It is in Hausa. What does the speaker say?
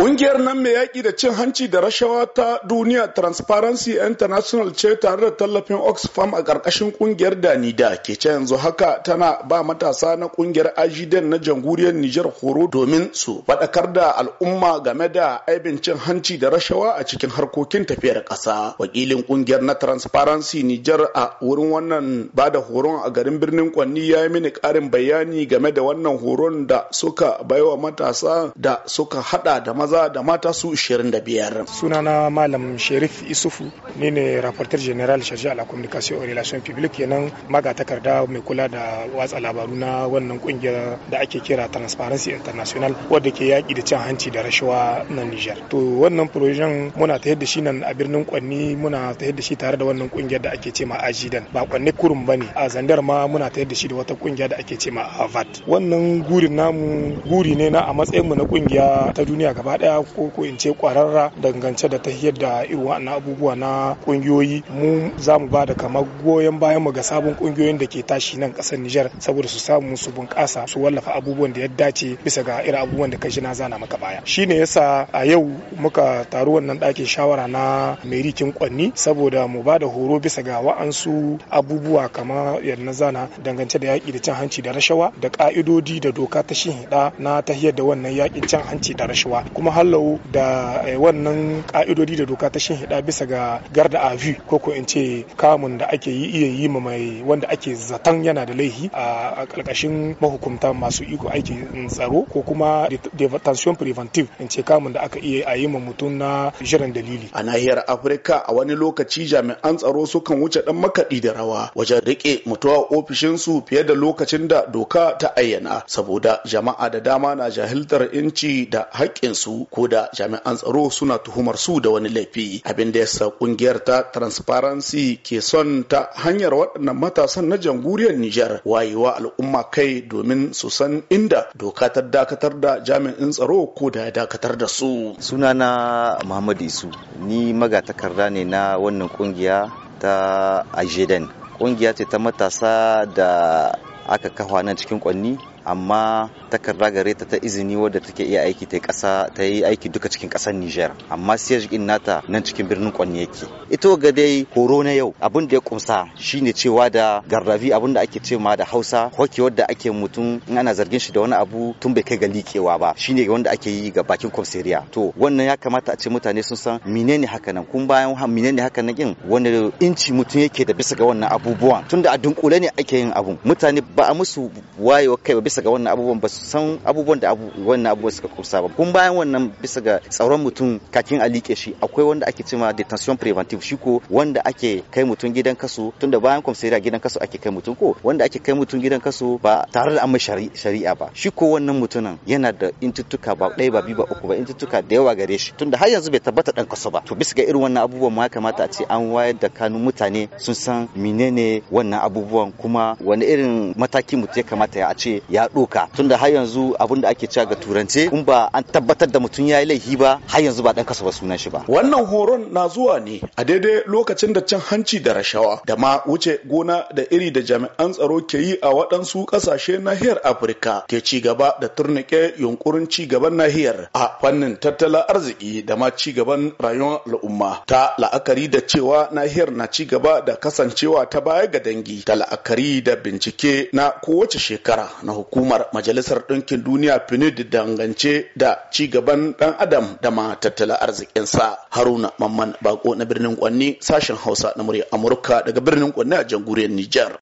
Ƙungiyar nan mai yaƙi da cin hanci da rashawa ta duniya Transparency International ce tare da tallafin Oxfam a ƙarƙashin ƙungiyar Danida ke ce yanzu haka tana ba matasa na ƙungiyar Ajiden na jamhuriyar Nijar horo domin su faɗakar da al'umma game da aibin cin hanci da rashawa a cikin harkokin tafiyar ƙasa. Wakilin ƙungiyar na Transparency Nijar a wurin wannan ba da horon a garin birnin Kwanni ya yi mini ƙarin bayani game da wannan horon da suka baiwa matasa da suka haɗa da maza da mata su 25 sunana malam sherif isufu ne ne rapporteur general chargé à la communication et relations publiques kenan magatakarda mai kula da watsa labaru na wannan kungiyar da ake kira transparency international wadda ke yaki da cin hanci da rashawa na niger to wannan projen muna ta yadda shi nan a birnin kwanni muna ta yadda shi tare da wannan kungiyar da ake ce ma ajidan ba kwanni kurum bane a zandar ma muna ta yadda shi da wata kungiya da ake ce ma avat wannan gurin namu guri ne na a mu na kungiya ta duniya gaba gaba daya ko ko in ce kwararra dangance da tahiyar da irin wannan abubuwa na kungiyoyi mu za mu ba da kamar goyon bayan mu ga sabon kungiyoyin da ke tashi nan kasar Nijar saboda su samu su bunƙasa su wallafa abubuwan da ya dace bisa ga irin abubuwan da kashi na zana maka baya shine yasa a yau muka taru wannan ɗakin shawara na merikin kwanni saboda mu ba da horo bisa ga wa'ansu abubuwa kamar yadda zana dangance da yaƙi da cin hanci da rashawa da ka'idodi da doka ta shi na tahiyar da wannan yaƙin cin hanci da rashawa kuma kuma da eh, wannan ka'idodi da doka ta hida bisa ga garda a view ko ko in ce kamun da ake yi iya yi ma mai wanda ake zaton yana da laifi a karkashin mahukunta masu iko aiki tsaro ko kuma detention preventive in ce kamun da aka iya yi ma mutum na jiran dalili a nahiyar afirka a wani lokaci jami'an tsaro sukan wuce dan makaɗi da rawa wajen riƙe mutuwa ofishinsu fiye da lokacin da doka ta ayyana saboda jama'a da dama na jahiltar inci da haƙƙinsu ko da jami'an tsaro suna tuhumar su da wani laifi abin da yasa kungiyar ta transparency ke son ta hanyar waɗannan matasan na jamhuriyar Nijar wayewa al'umma kai domin su san inda doka ta dakatar da jami'in tsaro ko da ya dakatar da su sunana Muhammad Isu ni magatakarda ne na wannan kungiya ta Ajeden kungiya ce ta matasa da aka kafa nan cikin kwanni amma takarda gare ta ta izini wadda take iya aiki ta kasa ta yi aiki duka cikin kasar Niger amma siege din nata nan cikin birnin Kwani yake ito ga dai horo na yau abin da ya kumsa shine cewa da garrafi abin da ake cewa da Hausa hoki wadda ake mutum in ana zargin shi da wani abu tun bai kai ga likewa ba shine wanda ake yi ga bakin komisariya to wannan ya kamata a ce mutane sun san menene haka nan kun bayan menene haka nan kin wani inci mutum yake da bisa ga wannan abubuwan tunda a dunkule ne ake yin abu mutane ba a musu wayewa kai ba bisa ga wannan abubuwan ba su san abubuwan da wannan abubuwan suka kusa ba kun bayan wannan bisa ga tsaron mutum kakin a liƙe shi akwai wanda ake cewa detention preventive shi ko wanda ake kai mutum gidan kaso tunda bayan kwamsariya gidan kaso ake kai mutum ko wanda ake kai mutum gidan kaso ba tare da an mai shari'a ba shi ko wannan mutumin yana da intuttuka ba ɗaya ba biyu ba uku ba intuttuka da yawa gare shi tunda har yanzu bai tabbata dan kaso ba to bisa ga irin wannan abubuwan ma kamata a ce an wayar da kanun mutane sun san menene wannan abubuwan kuma wani irin mataki mutum ya kamata ya ce ya doka tunda har yanzu abin da ake cewa ga turance in ba an tabbatar da mutum ya yi laifi ba har yanzu ba dan kasa ba sunan shi ba wannan horon na zuwa ne a daidai lokacin da cin hanci da rashawa da ma wuce gona da iri da jami'an tsaro ke yi a waɗansu ƙasashe nahiyar afirka ke ci gaba da turnike yunkurin ci gaban nahiyar a fannin tattalin arziki da ma ci gaban rayuwar al'umma ta la'akari da cewa nahiyar na ci gaba da kasancewa ta baya ga dangi ta la'akari da bincike na kowace shekara na hukumar hukumar majalisar ɗinkin duniya PNUD dangance da ci gaban ɗan adam da ma tattalin arzikinsa haruna mamman bako na birnin kwanni sashen hausa na murya amurka daga birnin kwanni a jamhuriyar nijar